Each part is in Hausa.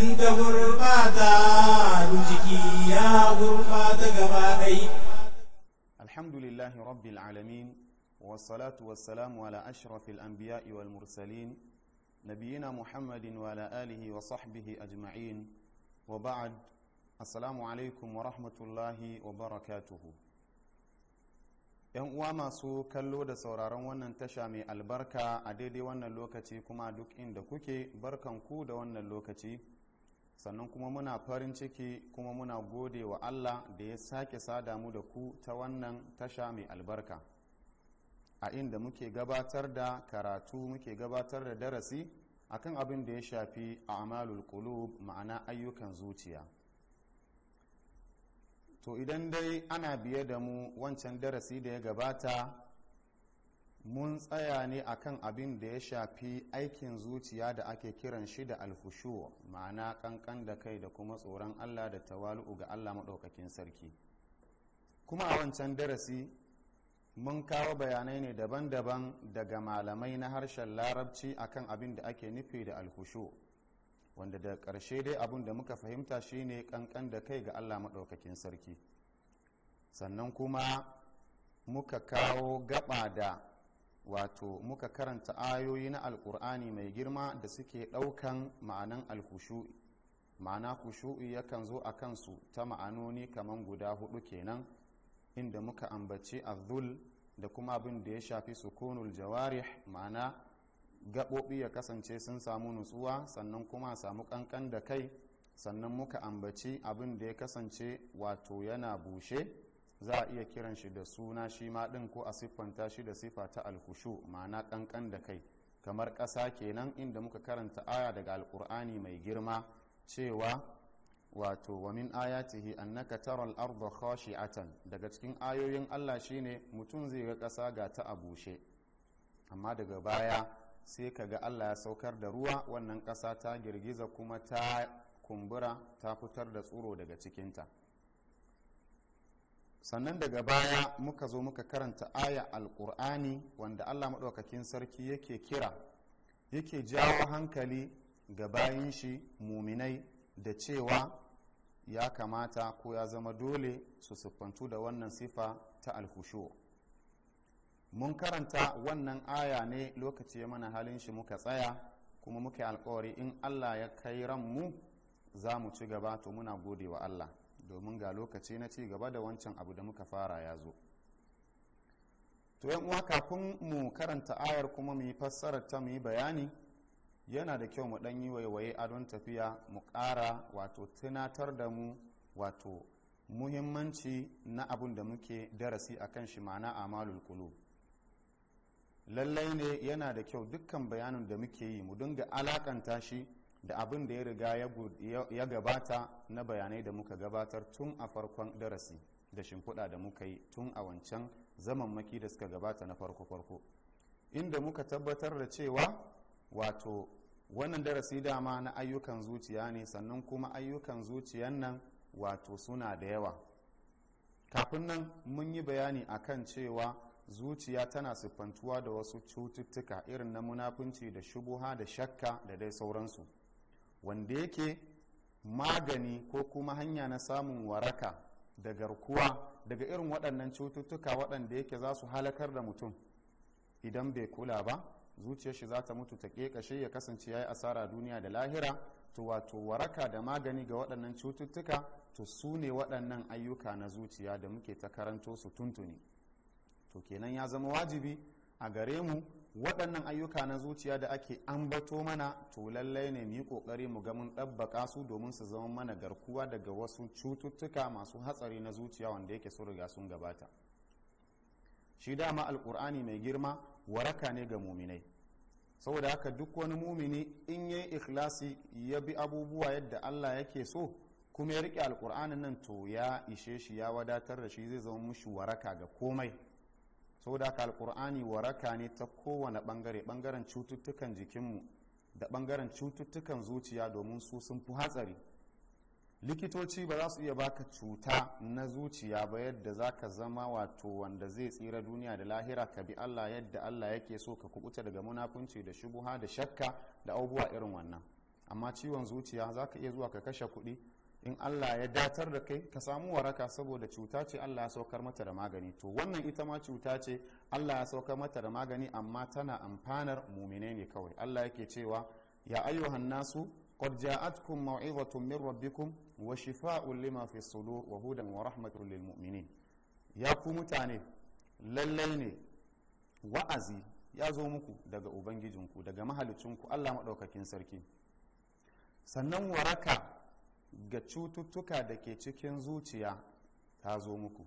in ta gurbata jiki ya gurbata gaba ɗai alhamdulillahi rabbil alamin wasalatu wassalamu ala ashrafil anbiya'i wal mursalin nabiyina muhammadin wa ala alihi wa sahbihi ajma'in wa ba'ad assalamu alaikum wa rahmatullahi wa barakatuhu yan uwa masu kallo da sauraron wannan tasha mai albarka a daidai wannan lokaci kuma duk inda kuke barkan ku da wannan lokaci sannan kuma muna farin ciki kuma muna gode wa allah da ya sake sada mu da ku ta wannan tasha mai albarka a inda muke gabatar da karatu muke gabatar da darasi akan abin da ya shafi a amalul qulub ma'ana ayyukan zuciya to idan dai ana biye da mu wancan darasi da ya gabata mun tsaya ne akan abin da ya shafi aikin zuciya da ake kiran shi da alhushu ma'ana kankan da kai da kuma tsoron allah da tawalu'u ga allah maɗaukakin sarki kuma a wancan darasi mun kawo bayanai ne daban-daban daga malamai na harshen larabci akan abin da ake nufi da alhushu wanda da ƙarshe dai abin da muka fahimta shine kankan da kai ga allah maɗaukakin sarki sannan kuma muka kawo gaba da wato muka karanta ayoyi na alkur'ani mai girma da suke ɗaukan ma'anan alkushu'i ma'ana kushu'i yakan zo a kansu ta ma'anoni kaman guda hudu kenan inda muka ambaci azul da kuma abin da ya shafi sukunul jawarih ma'ana gaɓoɓi ya kasance sun samu nutsuwa sannan kuma samu kankan da kai sannan muka ambaci abin da ya kasance wato yana bushe za a iya kiran shi da suna shi ma din ko a siffanta shi da sifa ta alkushu ma'ana ƙanƙan da kai kamar ƙasa kenan inda muka karanta aya daga alkur'ani mai girma cewa wato wa min ayatihi annaka tara al-ardha khashi'atan daga cikin ayoyin Allah shine mutum zai ga ƙasa ga ta a bushe amma daga baya sai ka ga Allah ya saukar da ruwa wannan ƙasa ta girgiza kuma ta kumbura ta fitar da tsuro daga cikinta sannan daga baya muka zo muka karanta aya alkur'ani wanda allah maɗaukakin sarki yake kira yake jawo hankali ga bayan shi muminai da cewa ya kamata ko ya zama dole su siffantu da wannan sifa ta alhushu mun karanta wannan aya ne lokaci ya mana halin shi muka tsaya kuma muka alkawari in allah ya kai ran mu za mu ci gaba to muna gode wa allah domin ga lokaci na ci gaba da wancan abu da muka fara ya zo to yan uwa kafin mu karanta ayar kuma mu yi fassarar ta mu yi bayani yana da kyau mu dan yi waiwaye adon tafiya mu ƙara wato tunatar da mu wato muhimmanci na abun da muke darasi a kan shi ma'ana a qulub lallai ne yana da kyau dukkan bayanin da muke yi mu dinga alakanta shi da abin da ya riga ya gabata na bayanai da muka gabatar tun a farkon darasi da shimfiɗa da muka yi tun a wancan maki da suka gabata na farko-farko inda muka tabbatar da cewa wato wannan darasi dama na ayyukan zuciya ne sannan kuma ayyukan zuciyan nan wato suna da yawa kafin nan mun yi bayani akan cewa zuciya tana siffantuwa da wasu cututtuka irin na munafunci da shubuha da shakka da dai sauransu wanda yake magani ko kuma hanya na samun waraka da garkuwa daga irin waɗannan cututtuka waɗanda yake za su halakar da mutum idan bai kula ba zuciyar shi za ta mutu ta ƙeƙashe ya kasance ya yi asara duniya da lahira to wato waraka da magani ga waɗannan cututtuka to su ne waɗannan ayyuka na zuciya da muke ta karanto su tuntuni to kenan ya zama wajibi a gare mu waɗannan ayyuka na zuciya da ake ambato mana to lallai ne mu yi ƙoƙari mu ga mun ɗabbaka su domin su zama mana garkuwa daga wasu cututtuka masu hatsari na zuciya wanda yake sun riga sun gabata shi dama alƙur'ani mai girma waraka ne ga muminai saboda haka duk wani mumini in yayi ikhlasi ya bi abubuwa yadda Allah yake so kuma ya rike alƙur'anin nan to ya ishe shi ya wadatar da shi zai zama mushi waraka ga komai saboda haka alkur'ani waraka ne ta kowane bangare bangaren cututtukan jikinmu da bangaren cututtukan zuciya domin su sun fi hatsari likitoci ba za su iya baka cuta na zuciya ba yadda za ka zama wato wanda zai tsira duniya da lahira ka bi allah yadda allah yake so ka kubuta daga munafunci da shubuha da shakka da abubuwa irin wannan amma ciwon zuciya za ka iya zuwa ka kashe kuɗi in Allah ya datar da kai ka samu waraka saboda cuta ce Allah ya saukar mata da magani to wannan ita ma cuta ce Allah ya saukar mata da magani amma tana amfanar mumine ne kawai Allah yake cewa ya ayyuhan nasu qad ja'atkum maw'izatun min rabbikum wa shifaa'un lima fi sudur wa hudan wa lil mu'minin ya ku mutane lalle ne wa'azi ya zo muku daga ubangijinku daga mahaliccinku Allah madaukakin sarki sannan waraka ga cututtuka da ke cikin zuciya ta zo muku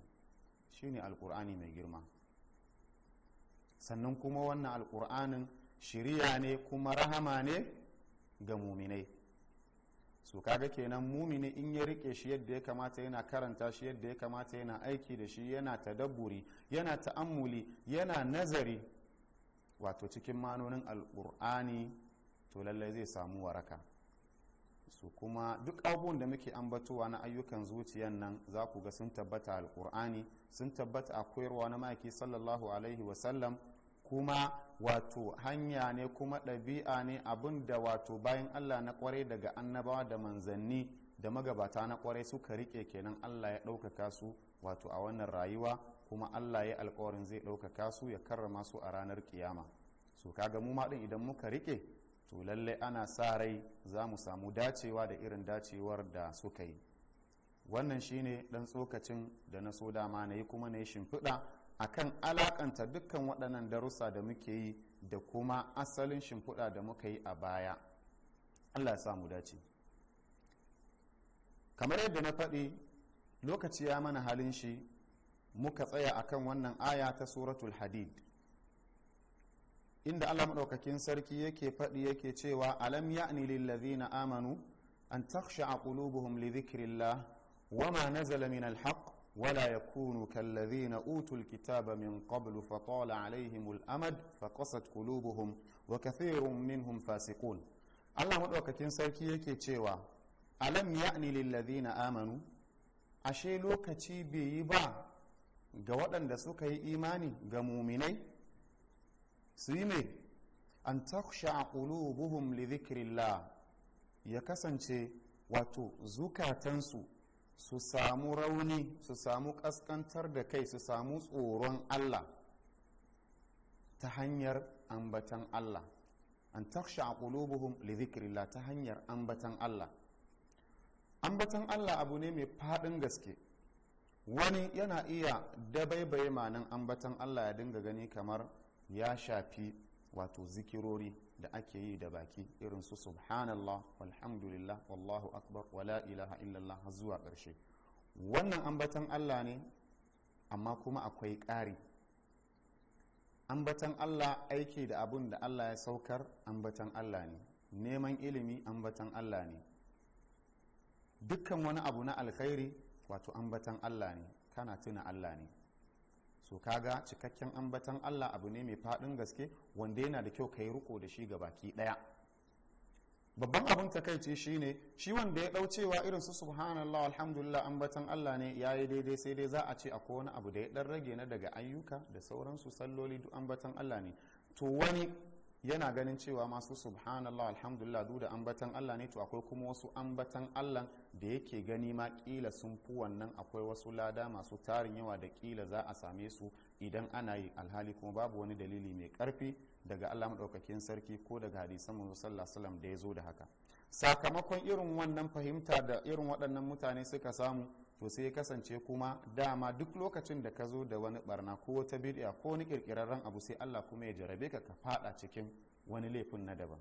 shine alkur'ani mai girma sannan kuma wannan alkur'anin shirya ne kuma rahama ne ga muminai su kaga kenan mumini in ya rike shi yadda ya kamata yana karanta shi yadda ya kamata yana aiki da shi yana tadabburi yana ta'ammuli yana nazari wato cikin manonin alkur'ani to lallai zai samu waraka su kuma duk abubuwan da muke ambatowa na ayyukan zuciyan nan za ku ga sun tabbata alkur'ani sun tabbata a koyarwa na maki sallallahu alaihi wasallam kuma wato hanya ne kuma ɗabi'a ne abin da wato bayan allah na kwarai daga annabawa da manzanni da magabata na kwarai suka rike kenan allah ya ɗaukaka su wato a wannan rayuwa kuma allah ya alkawarin zai ɗaukaka su ya karrama su a ranar kiyama so kaga mu ma idan muka rike to lalle ana sa rai za mu samu dacewa da irin dacewar da suka yi wannan shine ɗan tsokacin da na so dama na yi kuma na yi shimfiɗa akan alakanta dukkan waɗannan darussa da muke yi da kuma asalin shimfiɗa da muka yi a baya allah ya mu dace kamar yadda na faɗi lokaci ya mana halin shi muka tsaya akan wannan aya ta suratul hadid inda Allah maɗaukakin sarki yake faɗi yake cewa alam ya'ni lillazina amanu an takhsha'a qulubuhum li dhikrillah wama nazala min alhaq wala yakunu kallazina utul kitaba min qablu alaihimul amad fa faqasat qulubuhum wa kathirun minhum fasiqun Allah maɗaukakin sarki yake cewa alam ya'ni lillazina amanu ashe lokaci bai yi ba ga waɗanda suka yi imani ga muminai su yi mai an taksha qulubuhum li dhikrillah ya kasance wato zukatansu su samu rauni su samu kaskantar da kai su samu tsoron Allah ta hanyar ambatan Allah an taksha qulubuhum li dhikrillah ta hanyar ambatan Allah ambatan Allah abu ne mai faɗin gaske wani yana iya dabaibaye manan ambatan Allah ya dinga gani kamar ya shafi wato zikirori da ake yi da baki irin su subhanallah walhamdulillah wallahu akbar wala ilaha illallah zuwa ƙarshe wannan ambaton allah ne amma kuma akwai ƙari ambatan allah aiki da abun da allah ya saukar ambaton allah ne neman ilimi ambaton allah ne dukkan wani abu na alkhairi wato ambatan allah ne kana tuna allah ne so kaga cikakken ambatan Allah abu ne mai faɗin gaske wanda yana da kyau ka yi riko da shi ga baki ɗaya babban abin takaici shine shi wanda ya ɗau irin su subhanallah alhamdulillah ambatan Allah ne ya yi daidai sai dai za a ce akwai wani abu da ya ɗan rage na daga ayyuka da sauransu salloli duk ambatan Allah ne to wani yana ganin cewa masu subhanallah alhamdulillah duk da ambatan Allah ne to akwai kuma wasu ambatan Allah da yake gani ma kila sun fi wannan akwai wasu lada masu tarin yawa da kila za a same su idan ana yi alhali kuma babu wani dalili mai karfi daga Allah madaukakin sarki ko daga hadisan manzo sallallahu alaihi wasallam da ya zo da haka sakamakon irin wannan fahimta da irin waɗannan mutane suka samu to sai ya kasance kuma dama duk lokacin da ka zo da wani barna ko wata bid'a ko wani kirkirarren abu sai Allah kuma ya jarabe ka ka fada cikin wani laifin na daban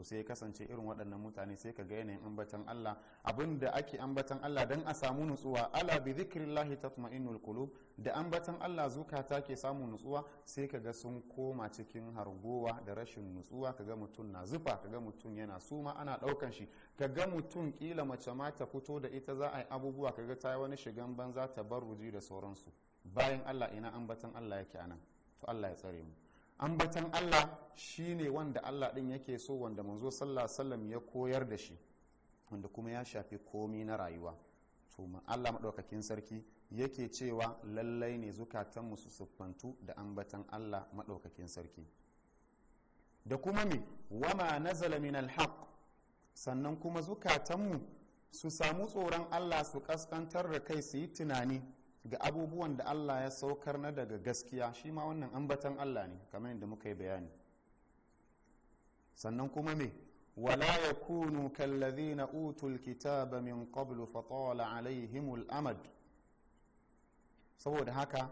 to sai ya kasance irin waɗannan mutane sai ka ga yanayin ambatan Allah abinda ake ambatan Allah dan a samu nutsuwa ala bi zikrillahi tatma'innul qulub da ambatan Allah zukata ke samun nutsuwa sai ka ga sun koma cikin hargowa da rashin nutsuwa ka ga mutum na zufa ga mutum yana suma ana ɗaukan shi ka ga mutum kila mace ma ta fito da ita za a yi abubuwa ga ta yi wani shigan banza ta baruji da sauransu bayan Allah ina ambatan Allah yake anan to Allah ya tsare mu ambatan Allah shi ne wanda Allah ɗin yake so wanda manzo sallallahu alaihi wasallam ya koyar da shi wanda kuma ya shafi komi na rayuwa to Allah madaukakin sarki yake cewa lallai ne zukatanmu su siffantu da ambatan Allah madaukakin sarki da kuma me wama nazala min alhaq sannan kuma zukatan mu su samu tsoron Allah su kaskantar da kai su yi tunani ga abubuwan da Allah ya saukar na daga gaskiya shi ma wannan ambatan Allah ne kamar yadda muka yi bayani sannan kuma me wala ya kunu kallazi na utul kitaba min qablu fatala alaihimul amad saboda haka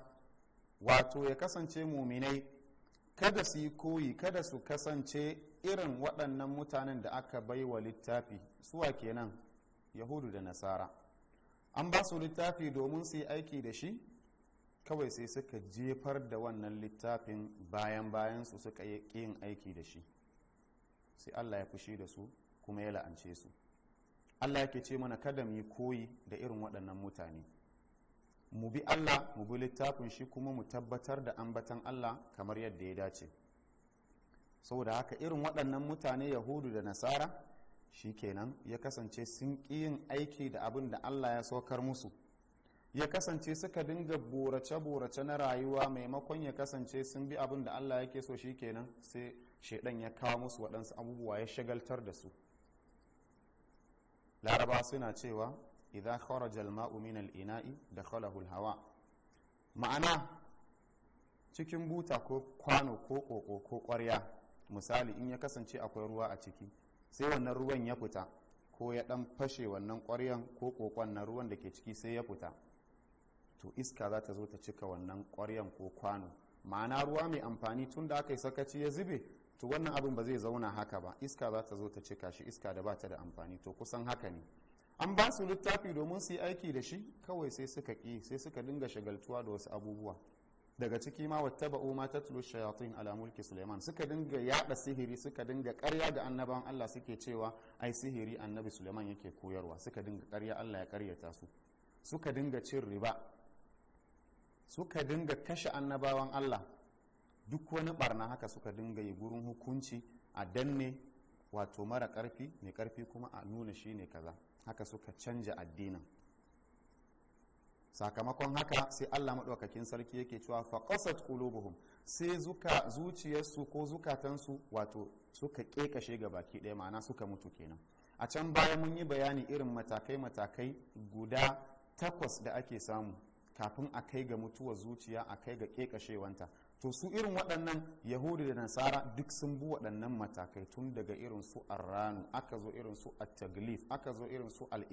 wato ya kasance muminai kada su yi koyi kada su kasance irin waɗannan mutanen da aka baiwa littafi suwa kenan yahudu da nasara an ba su littafi domin su yi aiki da shi kawai sai suka jefar da wannan littafin bayan bayan su suka yi yin aiki da shi sai allah ya fushi da su kuma ya la'ance su allah yake ce mana kada mu yi koyi da irin waɗannan mutane mu bi allah mu bi littafin shi kuma mu tabbatar da ambatan allah kamar yadda ya dace saboda haka irin waɗannan mutane yahudu da nasara shikenan ya kasance sun ƙi yin aiki da abin da Allah ya saukar musu ya kasance suka dinga borace-borace na rayuwa maimakon ya kasance sun bi abin da Allah yake so shikenan sai shaidan ya kawo musu waɗansu abubuwa ya shagaltar da su laraba suna cewa idan kharaja jalma mau inai da hawa ma'ana cikin buta ko kwano ko ƙoƙo ko ƙwarya misali in ya kasance akwai ruwa a ciki sai wannan ruwan ya fita ko ya dan fashe wannan ƙwaryan ko kokon na ruwan da ke ciki sai ya fita to iska za ta zo ta cika wannan ƙwaryan ko kwano ma'ana ruwa mai amfani tun da aka yi sakaci ya zube to wannan abin ba zai zauna haka ba iska za ta zo ta cika shi iska da ba ta da amfani to kusan haka ne an ba su littafi domin su yi aiki da shi kawai sai suka ƙi sai suka dinga shagaltuwa da wasu abubuwa daga ciki ma ba'u ma tatlu shayatun ala mulki Sulaiman suka dinga yada sihiri suka dinga karya da annaban Allah suke cewa ai sihiri annabi suleiman yake koyarwa suka dinga karya Allah ya karyata su suka dinga cin riba suka dinga kashe annabawan Allah duk wani barna haka suka dinga yi gurin hukunci a danne wato mara karfi mai karfi kuma a nuna shi ne kaza haka suka canja addinin sakamakon haka sai Allah maɗaukakin sarki yake cewa faƙasat qulubuhum sai zuka zuciyarsu ko zukatansu wato suka ƙeƙashe ga baki ɗaya ma'ana suka mutu kenan a can baya mun yi bayani irin matakai-matakai guda takwas da ake samu kafin a kai ga mutuwar zuciya a kai ga ƙeƙashewanta to su irin waɗannan yahudu da nasara duk sun bi waɗannan matakai tun daga irin su arranu aka zo irin su at aka zo irin su al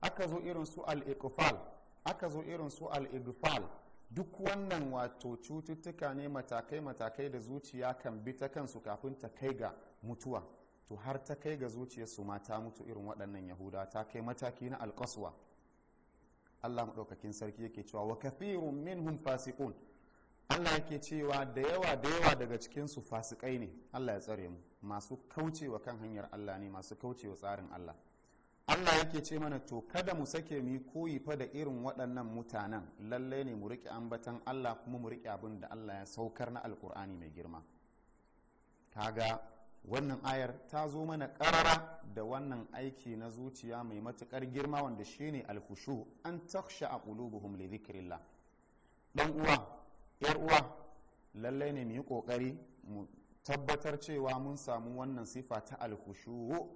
aka zo irin su al ekufal aka zo irin su al-igfal duk wannan wato cututtuka ne matakai-matakai da zuciya kan bi ta kansu kafin ta kai ga mutuwa to har ta kai ga zuciyarsu ma ta mutu irin waɗannan yahuda ta kai mataki na alƙaswa allah maɗaukakin sarki yake cewa wa kafirun minhum fasiqun allah yake cewa da yawa da yawa daga cikinsu fasikai ne allah ya tsare mu masu kaucewa kan hanyar allah ne masu kaucewa tsarin allah allah yake ce mana to kada mu sake mu yi koyi fa da irin waɗannan mutanen lallai ne mu riƙe ambatan allah kuma mu riƙe abin da allah ya saukar na alkur'ani mai girma kaga wannan ayar ta zo mana ƙarara da wannan aiki na zuciya mai matuƙar girma wanda shine alkushu an taksha a qulubuhum li dhikrillah dan uwa yar uwa lallai ne mu yi ƙoƙari mu tabbatar cewa mun samu wannan sifa ta alkushu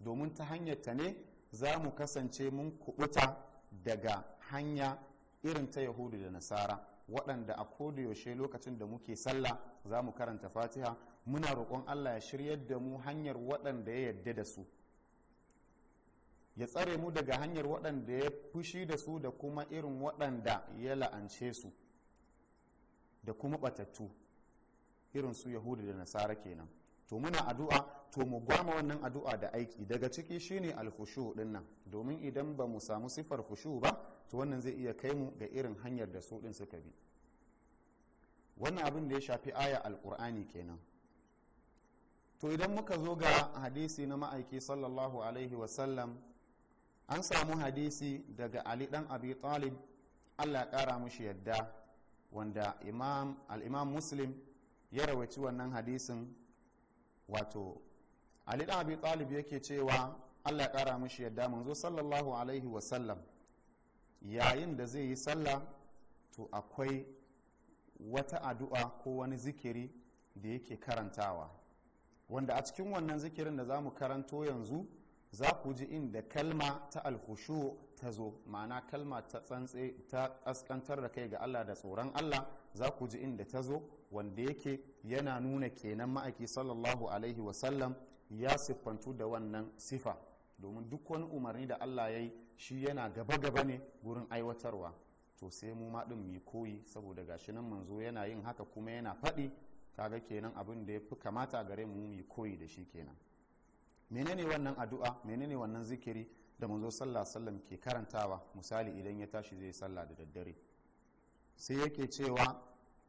domin ta hanyar ta ne za mu kasance mun kubuta daga hanya irin ta yahudu da nasara waɗanda a yaushe lokacin da muke sallah za mu karanta fatiha muna roƙon allah ya shiryar da mu hanyar waɗanda ya yadda da su ya tsare mu daga hanyar waɗanda ya fushi da su da kuma irin waɗanda ya la'ance su da kuma ɓatattu irin su yahudu da nasara kenan to muna addu'a to mu gwama wannan addu'a da aiki daga ciki shine alkhushu din nan domin idan ba mu samu sifar khushu ba to wannan zai iya kai mu ga irin hanyar da su din suka bi wannan abin da ya shafi aya alkur'ani kenan to idan muka zo ga hadisi na ma'aiki sallallahu alaihi wasallam an samu hadisi daga ali dan abi talib allah kara mushi yadda wanda al imam muslim ya rawaci wannan hadisin wato ali da abi talib yake cewa Allah ya kara mishi yadda manzo sallallahu alaihi wa sallam yayin da zai yi sallah to akwai wata addu'a ko wani zikiri da yake karantawa wanda a cikin wannan zikirin da za mu karanto yanzu za ku ji inda kalma ta alhushu ta zo ma'ana kalma ta tsantse ta askantar da kai ga Allah da tsoron Allah za ku ji inda ta zo wanda yake yana nuna kenan ma'aiki sallallahu alaihi wasallam ya siffantu da wannan sifa domin duk wani umarni da allah ya yi shi yana gaba-gaba ne gurin aiwatarwa to sai mu ma ɗin mai koyi saboda gashi nan manzo yana yin haka kuma yana faɗi kaga kenan abin da ya fi kamata gare mu mai koyi da shi kenan menene wannan addu'a menene wannan zikiri da manzo sallallahu alaihi wasallam ke karantawa misali idan ya tashi zai sallah da daddare sai yake cewa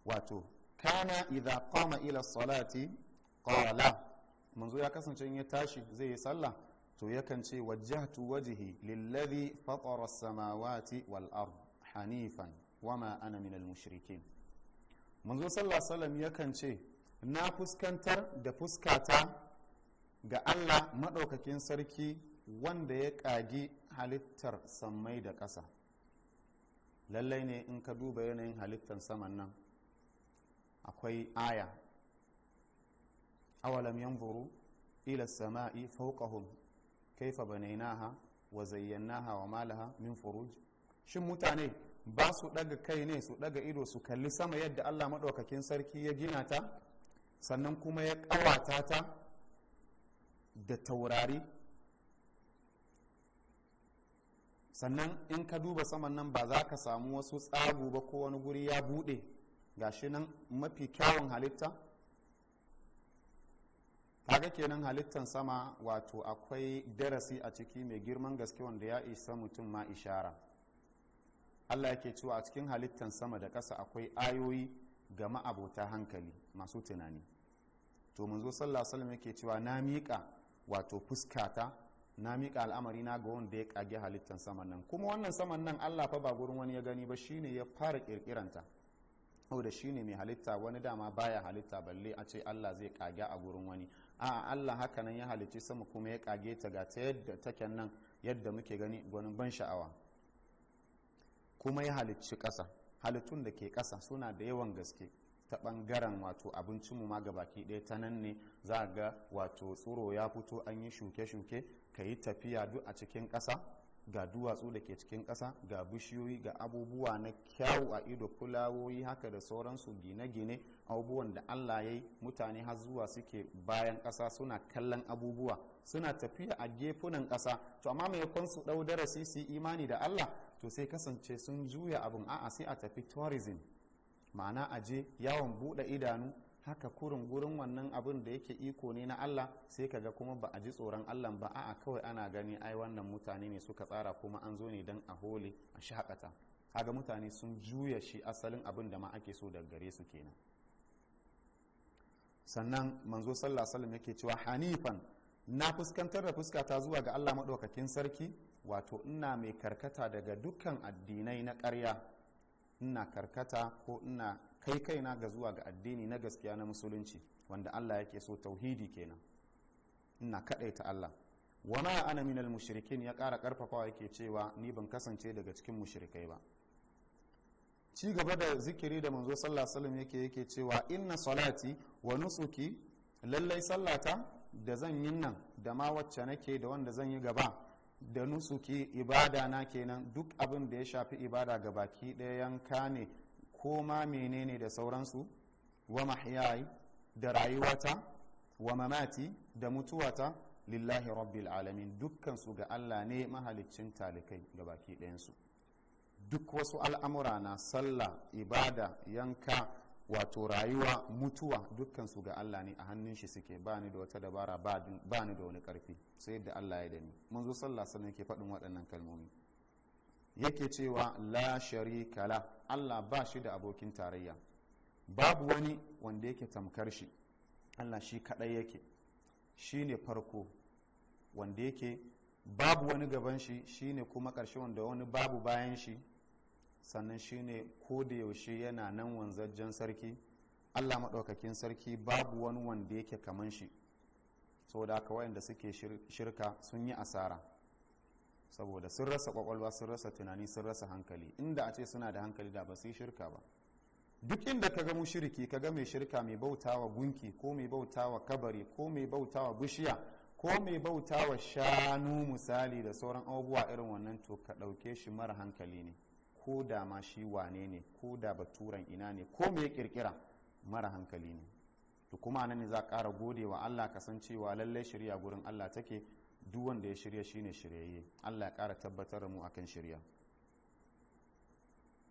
wato kana idza qama ila salati qala manzo ya kasance in ya tashi zai yi sallah to yakan ce wajjahtu wajhi lillazi fatara samawati wal ard hanifan wama ana min al mushrikin manzo sallallahu yakan ce na fuskantar da fuskata ga Allah madaukakin sarki wanda ya kagi halittar sammai da ƙasa lallai ne in ka duba yanayin halittar saman nan akwai aya awalam yanzuru ila sama'i fawqahum kaifa banainaha wa zayyanaha wa malaha min furuj shin mutane ba su daga kai ne su daga ido su kalli sama yadda Allah madaukakin sarki ya gina ta sannan kuma ya kawata ta da taurari sannan in ka duba saman nan ba za ka samu wasu tsago ba ko wani guri ya buɗe gashi nan mafi kyawun halitta kaga kenan halittan sama wato akwai darasi a ciki mai girman gaske wanda ya isa mutum ma ishara allah yake cewa a cikin halittan sama da ƙasa akwai ayoyi ga ma'abota hankali masu tunani to mun zo sallah yake cewa na miƙa wato fuskata na miƙa al'amari na ga wanda ya ƙage halittan saman nan kuma wannan saman nan Allah fa ba gurin wani ya gani ba shine ya fara ƙirƙiranta kirkiranta da shine mai halitta wani dama baya halitta balle a ce Allah zai ƙage a gurin wani a Allah haka nan ya halicci sama kuma ya ƙage ta ga ta yadda take nan yadda muke gani gwanin ban sha'awa kuma ya halicci ƙasa halittun da ke ƙasa suna da yawan gaske ta bangaren wato abincinmu ma ga ɗaya ta nan ne za ga wato tsoro ya fito an yi shuke-shuke ka yi tafiya duk a cikin ƙasa ga duwatsu da ke cikin ƙasa ga bishiyoyi ga abubuwa na kyawu a ido fulawoyi haka da sauransu gine-gine abubuwan da allah ya yi mutane har zuwa suke bayan ƙasa suna kallon abubuwa suna tafiya a gefunan ƙasa to amma maimakon su ɗau darasi su imani da allah to sai kasance sun juya abin a'a sai a tafi tourism ma'ana aje yawon buɗe idanu haka kurin gurin wannan abin da yake iko ne na Allah sai kaga kuma ba a ji tsoron Allah ba a'a kawai ana gani ai wannan mutane ne suka tsara kuma an zo ne don a hole a shakata kaga mutane sun juya shi asalin abin da ma ake so daga gare su kenan sannan manzo sallallahu alaihi wasallam yake cewa hanifan na fuskantar da fuskata zuwa ga Allah madaukakin sarki wato ina mai karkata daga dukkan addinai na ƙarya ina karkata ko ina kai kaina ga zuwa ga addini na gaskiya na musulunci wanda Allah yake so tauhidi kenan ina kadaita Allah wa ma ana minal mushrikin ya kara karfafawa yake cewa ni ban kasance daga cikin mushrikai ba ci gaba da zikiri da manzo sallallahu alaihi wasallam yake yake cewa inna salati wa nusuki lallai sallata da zan yi nan da ma wacce nake da wanda zan yi gaba da nusuki ibada na kenan duk abin da ya shafi ibada ga baki ɗaya yanka ne ko ma menene da sauransu wa mahyai da rayuwata wa mamati da mutuwata lillahi rabbil alamin dukkan su ga Allah ne mahaliccin talikai ga baki ɗayansu duk wasu al'amura na sallah ibada yanka wato rayuwa mutuwa dukkan su ga Allah ne a hannun shi suke ba ni da wata dabara ba ni da wani karfi sai da Allah ya da mun zo sallah sannan ke faɗin waɗannan kalmomi yake cewa la sharika la allah ba shi da abokin tarayya babu wani wanda yake tamkar shi allah shi kadai yake shi ne farko wanda yake babu wani gaban shi shi ne kuma ƙarshe wanda wani babu bayan shi sannan shi ne yaushe yana nan wanzajjen sarki allah maɗaukakin sarki babu wani wanda yake kaman shi saboda haka wayanda suke shirka sun yi asara saboda sun rasa kwakwalwa sun rasa tunani sun rasa hankali inda a ce suna da hankali da ba su yi shirka ba duk inda ka ga mushriki ka ga mai shirka mai bautawa gunki ko mai bautawa kabari ko mai bautawa bishiya ko mai bautawa shanu misali da sauran abubuwa irin wannan to ka ɗauke shi mara hankali ne ko da ma shi wane ne ko da baturan ina ne ko mai kirkira mara hankali ne to kuma nan ne za ƙara gode wa Allah kasancewa lallai shirya gurin Allah take duk wanda ya shirya shine shiryayye Allah ya kara tabbatar mu akan shirya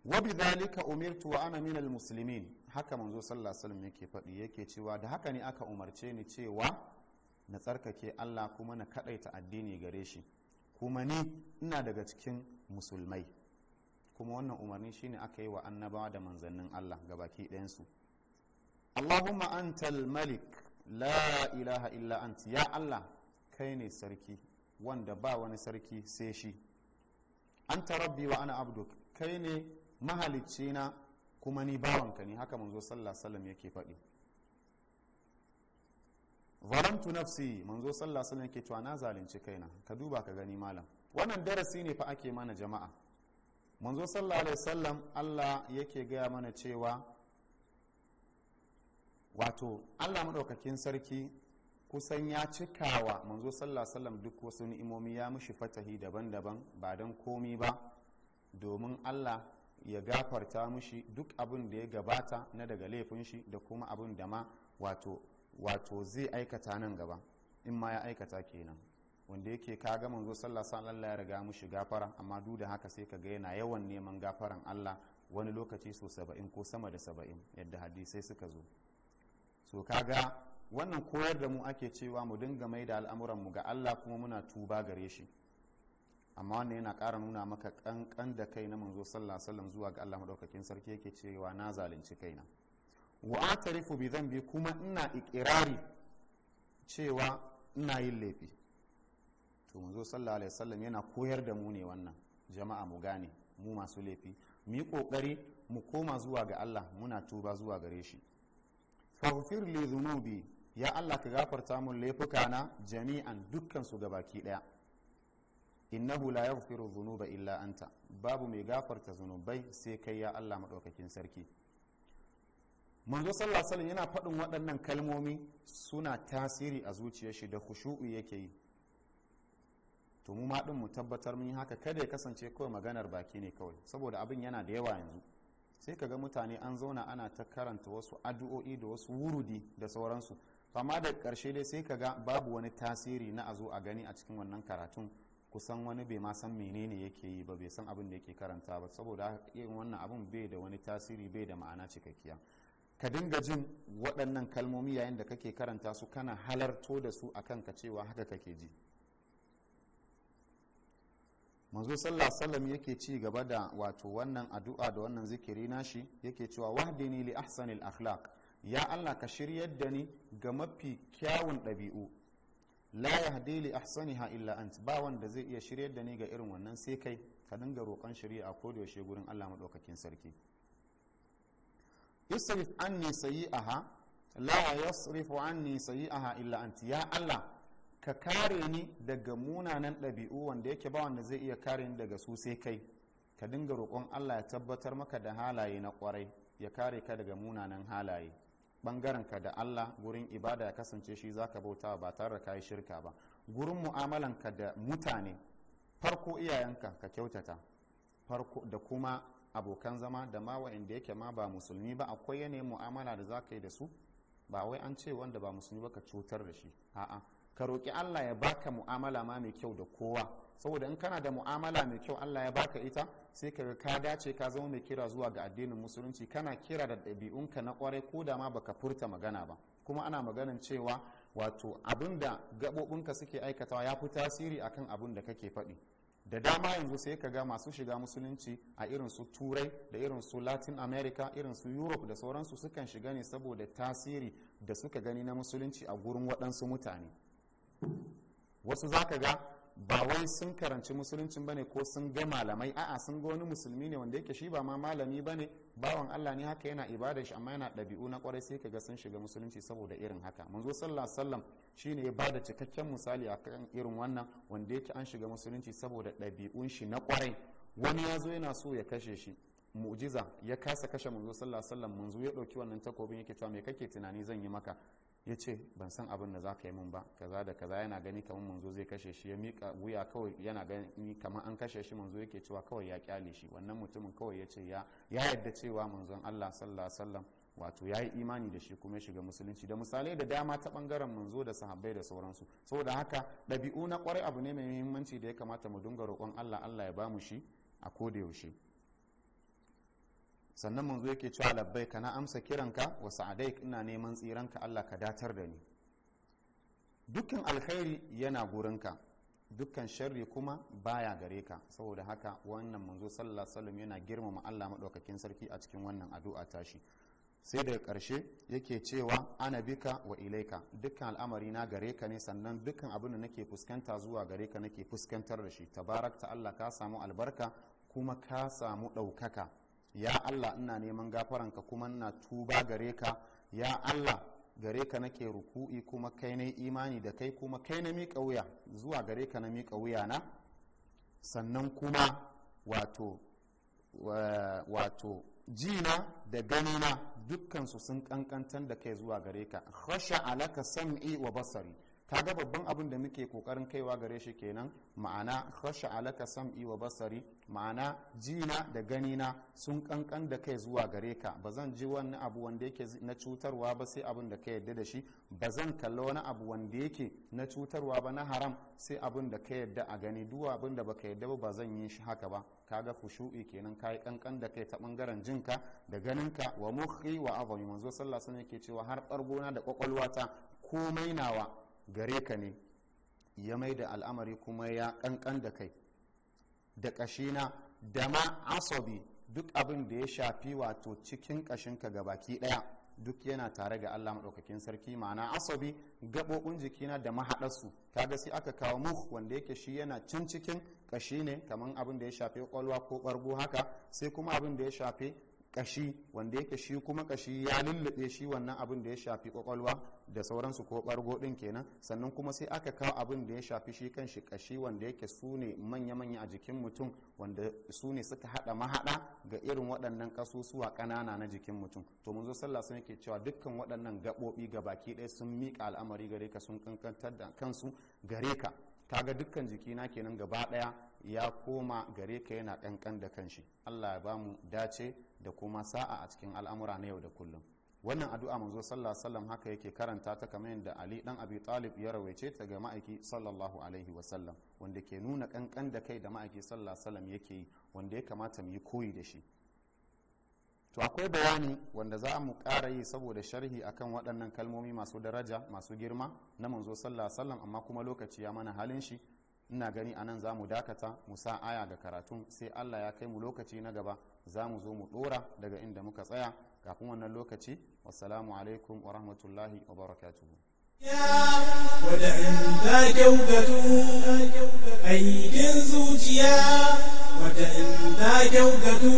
wa bidhalika umirtu wa ana minal muslimin haka manzo sallallahu alaihi wasallam yake faɗi yake cewa da haka ne aka umarce ni cewa na tsarkake Allah kuma na kadaita addini gare shi kuma ni ina daga cikin musulmai kuma wannan umarni shine aka yi wa annabawa da manzannin Allah gabaki ɗayansu Allahumma antal malik la ilaha illa ant ya Allah kai ne sarki wanda ba wani sarki sai shi an rabbi wa ana abduk kai ne mahalicci na kuma ni bawanka ne haka manzo sallallahu alaihi wasallam yake faɗi zalamtu nafsi manzo sallallahu alaihi wasallam yake cewa na zalunci kaina ka duba ka gani malam wannan darasi ne fa ake mana jama'a manzo sallallahu alaihi wasallam Allah yake gaya mana cewa wato Allah madaukakin sarki kusan ya cikawa manzo sallallahu sallam duk wasu ni'imomi ya mushi fatahi daban-daban ba don komi ba domin allah ya gafarta mushi duk abin da ya gabata na daga laifin shi da kuma abin da ma wato zai aikata nan gaba in ma ya aikata kenan wanda yake kaga manzo sallallahu alaihi wasallam ya riga mushi gafara amma duk da haka sai ka ga yana yawan neman gafaran Allah wani lokaci so saba'in ko sama da saba'in yadda hadisai suka zo so kaga wannan koyar da mu ake cewa mu dinga mai da al'amuranmu ga allah kuma muna tuba gare shi amma wannan yana ƙara nuna maka ƙanƙan da kai na manzo sallallahu alaihi wasallam zuwa ga Allah madaukakin sarki yake cewa na zalunci kaina wa atarifu bi dhanbi kuma ina iqrari cewa ina yin laifi to manzo sallallahu alaihi wasallam yana koyar da mu ne wannan jama'a mu gane mu masu laifi mu yi kokari mu koma zuwa ga Allah muna tuba zuwa gare shi faghfir li dhunubi ya Allah ka gafarta mun laifuka na jami'an dukkan su gabaki daya innahu la yaghfiru dhunuba illa anta babu mai gafarta zunubai sai kai ya Allah madaukakin sarki manzo sallallahu alaihi yana faɗin waɗannan kalmomi suna tasiri a zuciyar shi da khushu'u yake yi to mu ma din mu tabbatar mun haka kada ya kasance kawai maganar baki ne kawai saboda abin yana da yawa yanzu sai ka ga mutane an zauna ana ta karanta wasu addu'o'i da wasu wurudi da sauransu fama da karshe dai sai ka ga babu wani tasiri na a zo a gani a cikin wannan karatun kusan wani bai ma san menene yake yi ba bai san abin da yake karanta ba saboda irin wannan abin bai da wani tasiri bai da ma'ana cikakkiya ka dinga jin waɗannan kalmomi yayin da kake karanta su kana halarto da su akan kanka cewa haka kake ji manzo sallah sallam yake ci gaba da wato wannan addu'a da wannan zikiri nashi yake cewa wahdini li ahsanil akhlaq ya allah ka shiryar da ni ga mafi kyawun ɗabi'u la yahdi li ahsaniha illa ant ba wanda zai iya shiryar da ni ga irin wannan sai kai ka dinga roƙon shari'a ko da yaushe gurin allah maɗaukakin sarki isrif anni sayi'aha la yasrifu anni sayi'aha illa ant ya allah ka kare ni daga munanan ɗabi'u wanda yake ba wanda zai iya kare ni daga su sai kai ka dinga roƙon allah ya tabbatar maka da halaye na ƙwarai ya kare ka daga munanan halaye ka da Allah gurin ibada ya kasance shi zaka bauta ba tare da kayi shirka ba gurin ka da mutane farko iyayenka ka kyautata farko da kuma abokan zama da ma wa'anda yake ma ba musulmi ba akwai yanayin mu'amala da zaka yi da su ba wai an ce wanda ba musulmi ba ka cutar da shi a'a ka roki Allah ya baka mu'amala ma mai kyau da kowa saboda in kana da mu'amala mai kyau Allah ya baka ita sai ka ka dace ka zama mai kira zuwa ga addinin musulunci kana kira da ɗabi'unka na kwarai ko da ma baka furta magana ba kuma ana maganan cewa wato abin da gaɓoɓinka suke aikatawa ya fi tasiri akan abin da kake faɗi da dama yanzu sai ka ga masu shiga musulunci a irin su turai da irin su latin america irin su europe da sauransu sukan shiga ne saboda tasiri da suka gani na musulunci a gurin waɗansu mutane wasu za ka ga ba wai sun karanci musuluncin bane ko sun ga malamai a'a sun ga wani musulmi ne wanda yake shi ba ma malami bane bawan Allah ne haka yana ibada shi amma yana ɗabi'u na kwarai sai kaga sun shiga musulunci saboda irin haka manzo sallallahu alaihi wasallam shine ya bada cikakken misali akan irin wannan wanda yake an shiga musulunci saboda ɗabi'un shi na kwarai wani ya zo yana so ya kashe shi mu'jiza ya kasa kashe manzo sallallahu alaihi wasallam manzo ya ɗauki wannan takobin yake cewa me kake tunani zan yi maka ya ce ban san abin da za ka yi min ba kaza da kaza yana gani kamar manzo zai kashe shi ya miƙa wuya kawai yana gani kamar an kashe shi manzo yake cewa kawai ya kyale shi wannan mutumin kawai ya ce ya yadda cewa manzon Allah sallallahu alaihi wasallam wato ya yi imani da shi kuma ya shiga musulunci da misalai da dama ta bangaren manzo da sahabbai da sauransu saboda haka ɗabi'u na kwarai abu ne mai muhimmanci da ya kamata mu dinga roƙon Allah Allah ya ba mu shi a koda yaushe sannan manzo yake cewa labbai kana amsa kiranka wa sa'adai ina neman tsiranka Allah ka datar da ni dukkan alkhairi yana gurinka dukkan sharri kuma baya gare ka saboda haka wannan manzo sallallahu alaihi wasallam yana girmama Allah madaukakin sarki a cikin wannan addu'a tashi sai daga karshe yake cewa ana bika wa ilaika dukkan al'amari na gare ka ne sannan dukkan abin da nake fuskanta zuwa gare ka nake fuskantar da shi tabarakta Allah ka samu albarka kuma ka samu ɗaukaka ya allah ina neman gafaranka kuma ina tuba gare ka ya allah gare ka nake ruku'i kuma kai na imani da kai kuma kai na miƙa wuya zuwa gare ka na miƙa wuya na sannan kuma wato wato jina da ganina dukkansu sun kankantar da kai zuwa gare ka khasha alaka sam'i wa basari kaga babban abin da muke kokarin kaiwa gare shi kenan ma'ana khasha alaka sam'i wa basari ma'ana jina da ganina sun kankan da kai zuwa gare ka ba zan ji wani abu wanda yake na cutarwa ba sai abin da ka yadda da shi ba zan kalla wani abu wanda yake na cutarwa ba na haram sai abin da ka yadda a gani duk abin da baka yarda ba zan yi shi haka ba kaga khushu'i kenan kai kankan da kai ta bangaren jinka da ganinka wa mukhi wa azami manzo sallallahu alaihi wasallam yake cewa har bargona da kwakwalwata komai nawa gare ka ne ya mai da al'amari kuma ya ƙanƙan da kai da ƙashina da ma asobi duk abin da ya shafi wato cikin kashinka ga baki ɗaya duk yana tare ga allah maɗaukakin sarki ma'ana asobi gaɓoɓin jikina da mahaɗarsu kaga sai aka kawo muh wanda yake shi yana cin cikin ƙashi ne kamar abin da ya shafi ƙwalwa ko ɓargo haka sai kuma abin da ya shafi ƙashi wanda yake shi kuma ƙashi ya lullube shi wannan abin da ya shafi kwakwalwa da sauransu ko bargo din kenan sannan kuma sai aka kawo abin da ya shafi shi kan shi kashi wanda yake su ne manya-manya a jikin mutum wanda su ne suka hada mahada ga irin waɗannan kasusuwa ƙanana na jikin mutum to mun zo sallah sun yake cewa dukkan waɗannan gaɓoɓi ga baki ɗaya sun miƙa al'amari gare ka sun kankantar da kansu gare ka kaga dukkan jikina kenan gaba ɗaya ya koma gare ka yana kankan da kanshi allah ya bamu dace da kuma sa'a a cikin al'amura na yau da kullum wannan addu'a manzo sallallahu alaihi wasallam haka yake karanta ta kamar yadda Ali dan Abi Talib ya rawaice ta ga ma'aiki sallallahu alaihi wasallam wanda ke nuna kankan da kai da ma'aiki sallallahu alaihi wasallam yake yi wanda ya kamata mu yi koyi da shi to akwai bayani wanda za mu ƙara yi saboda sharhi akan waɗannan kalmomi masu daraja masu girma na manzo sallallahu alaihi wasallam amma kuma lokaci ya mana halin shi ina gani anan za mu dakata mu sa aya ga karatun sai Allah ya kai mu lokaci na gaba za mu zo mu ɗora daga inda muka tsaya kafin wannan lokaci wassalamu alaikum wa rahmatullahi wa barakatuhu wada'inda gaugatu aikin zuciya wada'inda gaugatu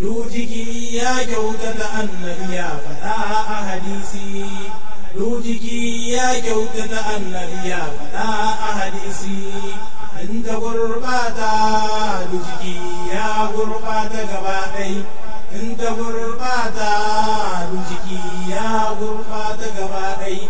dujigi ya gaugata annabi ya faɗa a hadisi dujigi ya gaugata annabi ya faɗa a hadisi inda gurbata dujigi ya gurbata gaba ɗaya inda gurbata jiki ya gurbata gaba ɗai